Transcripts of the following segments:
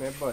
mais boy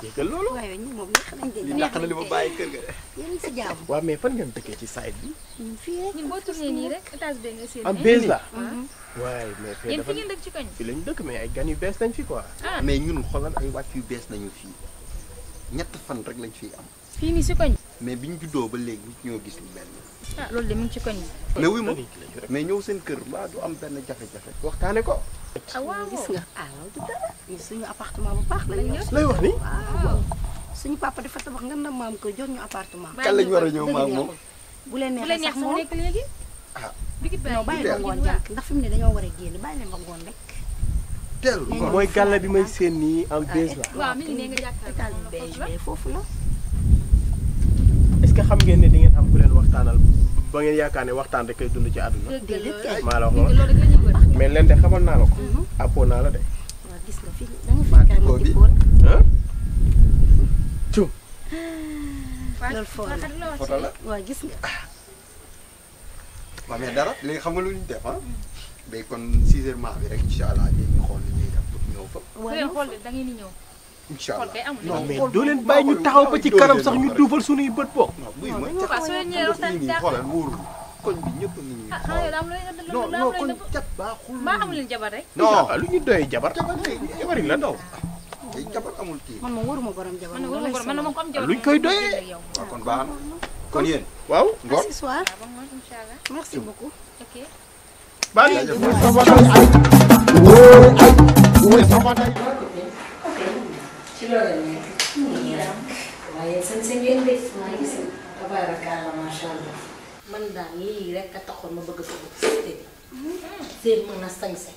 déggal loolu. waaye ñun na li ma bàyyi kër ga de. yéen mais fan ngeen dëkkee ci side bi. fii rek ñun am bees ah, la. Ah. Mm-hmm. waaye mais fee dafa yéen fi ngeen dëkk ci koñ. fi lañ dëkk mais ay gan yu bees lañ fii quoi. Ah. mais ñun xoolal ay wàcc yu bees nañu fii ñett fan rek lañ fiy am. fii nii si koñ. mais ñu juddoo ba léegi ñoo gis lu mel nii. loolu de mu ci koñ bi. mais wuy ma mais ñëw seen kër mbaa du am benn jafe-jafe waxtaane ko yëkkati gis nga alal du dara suñu appartement bu baax lañ yor lay wax ni papa dafa tabax nga na maam ko jox ñu appartement kan lañ war a ñëw maam moom bu leen neex sax moom nekk léegi ah non bàyyi ba ngoon jàpp ndax fi mu ne dañoo war a génn bàyyi leen ba ngoon rek teel mooy gàlla bi may seen nii en beige la waaw mi ngi ne nga jàkkaarloo beige mais foofu la est-ce que xam ngeen ne di àppoo naa la de. waaw gis nga fi dama gis nga. dara léegi xam nga lu ñu def ah. mais kon 6 heures maa bi rek incha allah ñu xool li doo leen bàyyi ñu taxaw ba ci kanam sax ñu duufal suñuy bët boo. koñ bi ñëpp ngi ah, ah, ñuy xool non non baaxul. maa amul leen jabar rek. non ah, lu ñu doy jabar. jabar jabar la daw. amul kii. man moom waruma borom jabar. man waruma borom man moom comme jabar luñ koy doyee. waaw kon baax na kon yéen. waaw Ngor soir merci beaucoup. ok. baax na ci man daal lii rek a taxoon hmm. ma bëgg a dugg ci cité bi. seer mën na sañse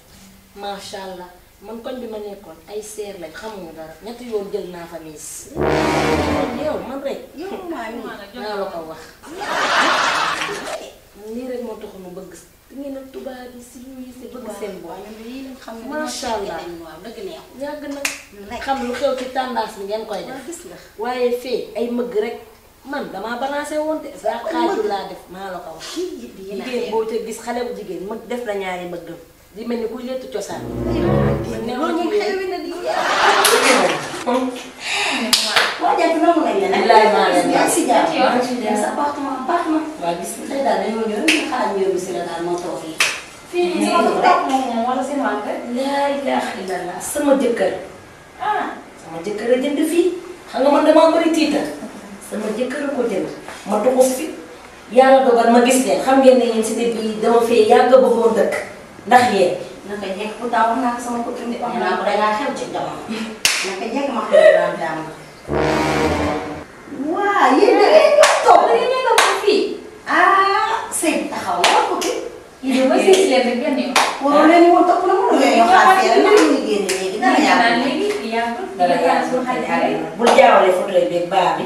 macha allah man koñ bi ma nekkoon ay seer lañ xamuñu dara ñetti yoon jël naa fa miis. yow hmm. man rek. yow naa la ko wax. nii rek moo taxoon ma bëgg ngeen ak tubaab yi si yi si bëgg seen bopp. macha allah yàgg na. xam lu xew ci tendance ngeen koy def. waaye fee ay mëgg rek man dama balancé woon te xaju la def maa la ko wax jigéen boo ca gis xale bu jigen ma def la ñaari mbëggam di mel ni kuy lettu cosaan waa jant nangu nañ la nag. laay maa leen yaa si jàpp. yaa si jàpp sa appartement appartement. waaw gis nga tey daal dañoo ñëw ñu xaar ñëw si la daal moo toog fii. fii sama toog moom wala seen wànq. laa ilaaha illallaah sama jëkkër. ah sama jëkkër a jënd fii. xam nga man damaa bëri tiital sama jëkkër ko jënd ma tuxu fi yalla dogal ma gis leen xam ngeen ne yéen ci bi dama yagg yàgg bëggoon dëkk ndax yéen naka jekk ko taw naa sama ko tundi wax na ko dangaa xew ci jamono naka jekk ma xam ne daal daam waa yéen da ngeen ñoo toog da ngeen ñoo toog fii ah sëy taxaw war ko fi yéen ba sëy si leen rek benn yoon waroo leen woon topp na mënu leen yoo xaar yéen nan ñu génne léegi dara yàgg dara yàgg bu jaawale photo yi beeg baa bi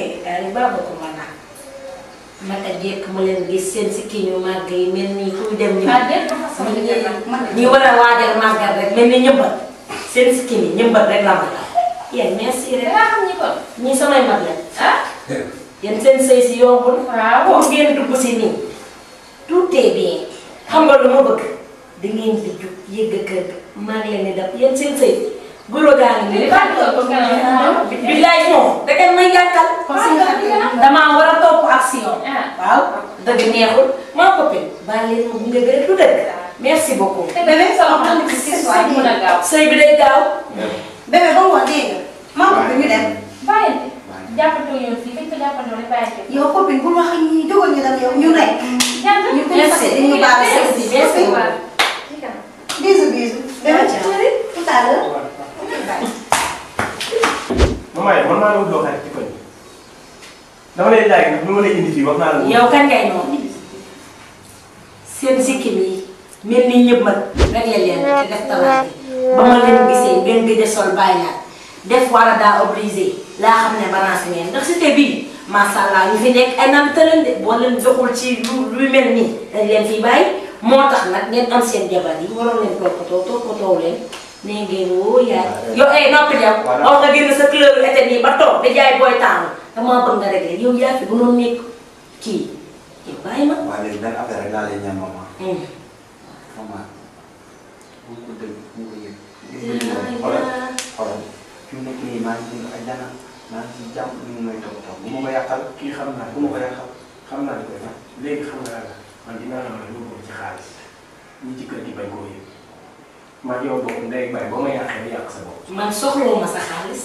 Ari baabu ko ma nag ma a jekk ma leen gis seen sikki ñu màgg yi mel ni kuy dem ñu ñu war a waajal màggal rek mel ni ñëmbat seen sikki ni rek la ma yéen merci rek laa xam ñi kon ñii samay mag la ah yéen seen sëy si yombul waaw ngeen dugg si nii tout est bien xam nga lu ma bëgg da ngeen di jug yëgg kër ma leen di dab yéen seen sëy góoroo gaal gi. billaay moom da ngeen may yàqal. damaa war a topp ko pegg. Ah. baal leen ma gunge ba du dëgg. merci beaucoup. bébé sama xarit bi si waay mun a gaaw. sëy bi day gaaw. bébé mu wax dégg nga. maa ko pegg ñu dem. bàyyi jàppatoo yow fii dañ ko jàppandoo rek bàyyi ko. yow la yow ñu rek. ñu ko merci ñu baal a. merci merci. bisous bisous. bébé chérie tout à maman yi man maa ngi doon xarit ci koñ dama lay seen sikkim yi mel ni ñëpp leen ci def tawaate ba ma leen gisee ngeen gëj a sol bàyyi naa def wala daa obligé laa xam ne balance ngeen ndax cité bii macha allah ñu fi nekk ay naan tëral de boo leen joxul ci lu lu mel nii leen fi bàyyi moo tax nag ngeen am seen jabar yi waroon leen toppatoo toppatoo leen. nee ngeen woo yaay. yow ay noppi dem. waaw nga génn sa couleur yu été nii ba toog di jaay booy tàng damaa bëgg nga réglé yow yaa fi mënoon nekk kii yow bàyyi ma. waaw léegi benn affaire rek laa lay ñaan maman. maman bu ko dégg bu ko yëg. xoolal xoolal fi mu nekk nii maa ngi dund ak jana maa ngi ci jàmm ñu ngi may taw taw bu ma ko yàqal kii xam naa bu ma ko yàqal xam naa di koy léegi xam nga la man dinaa la mën a yóbbu ci xaalis ñu ci kër gi bañ koo yëg. mari odo ndey bay bama ya ay yak sa bop man soxlo ma sa xalis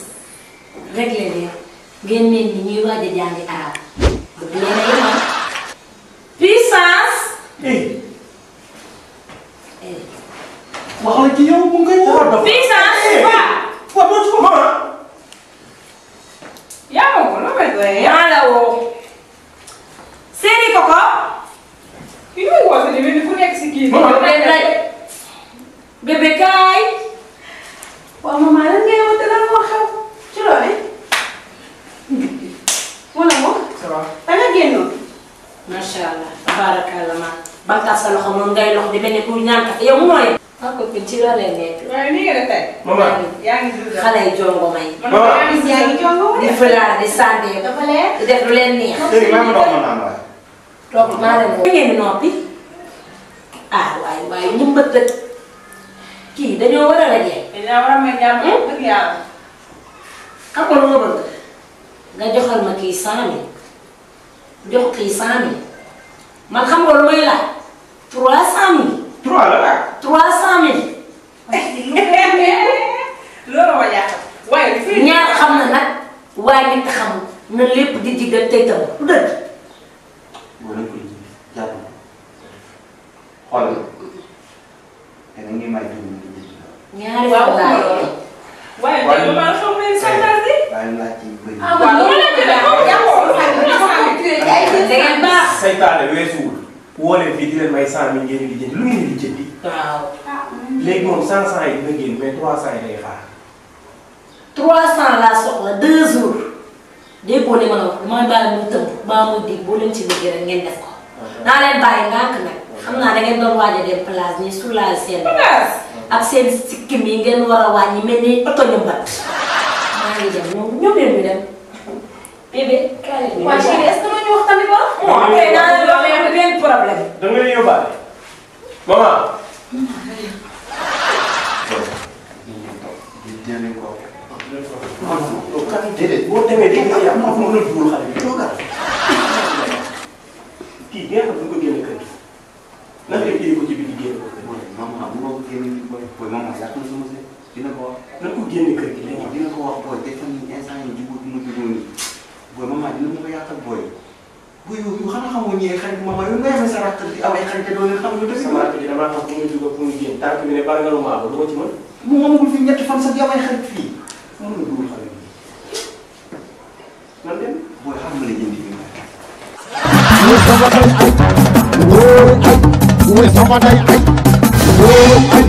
regle le gen men ni ñuy waje jangi arab pisas eh eh waxal ki yow mu ngi wax ngay lox ah, di mel ne pour ñaan kat yow munoo yem. ah copine ci loolu jongo may. maman yaa di fëlaar di sànni dafa di def lu leen neex. léegi maa ngi dox ma naan waay. toog noppi ah waay waay ñu mbët dëkk kii dañoo war a rajee. dañoo war a may jàmm ma kii cent mille jox kii cent mille man xam nga lu trois cent mille. trois la waaw. trois cent na nag waaye nit xamul na lépp di digal tey tam du dëgg. moo leen koy jàpp xoolal te na ngi may ñaari waaw waaye tey ma xam ne santaar bi. waaye laa ciy bëri. ah waaw loolu la ñu woo leen fii di leen may cent mille ngeen di jënd lu ngeen di jëndi. waaw. léegi moom cent cent yi dina génn mais trois cent yi day xaar. trois cent laa soxla deux jours. déggoo li ma la wax mooy bàyyi mu tëb baa mu dig boo leen ci liggéey rek ngeen def ko. naa leen bàyyi ngànk nag. xam naa da ngeen doon waaj a dem place ñu soulage seen. ak seen sikkim yi ngeen war a wàññi mel ni oto ñu mbat. maa ngi dem ñoom ñoom ñoom ñu dem. bébé. waaw chérie est-ce que ñu wax tamit ba. da nga leen yóbbaale maman. déedéet boo demee dañ koy yàq moom la dugal xale bi toogal. kii neex na bu ko génne kër gi. nan nga téye ko ci biir génne ko. maman bu ma ko génne booy booy maman yàq na sama sëy dina ko wax. nan ko génne kër gi dina ko wax booy te tamit instant yii jiwu bi ma jubóo nii booy maman dina ma ko yàqal booy. buy yow xam-xamu ñee xarit ma ma yow ngay fay sa rakk di am ay xarit te doo leen xam ñu def. sama rakk ji damaa xam fu muy dugg fu muy génn tànk bi ne bari nga lu ma am lu ma ci mën. mu amagul fi ñetti fan sax di am ay xarit fii mën na dugg xarit bi man dem booy xam nga la jëndi bi. wóor sama day ay wóor ay wóor sama day ay wóor ay.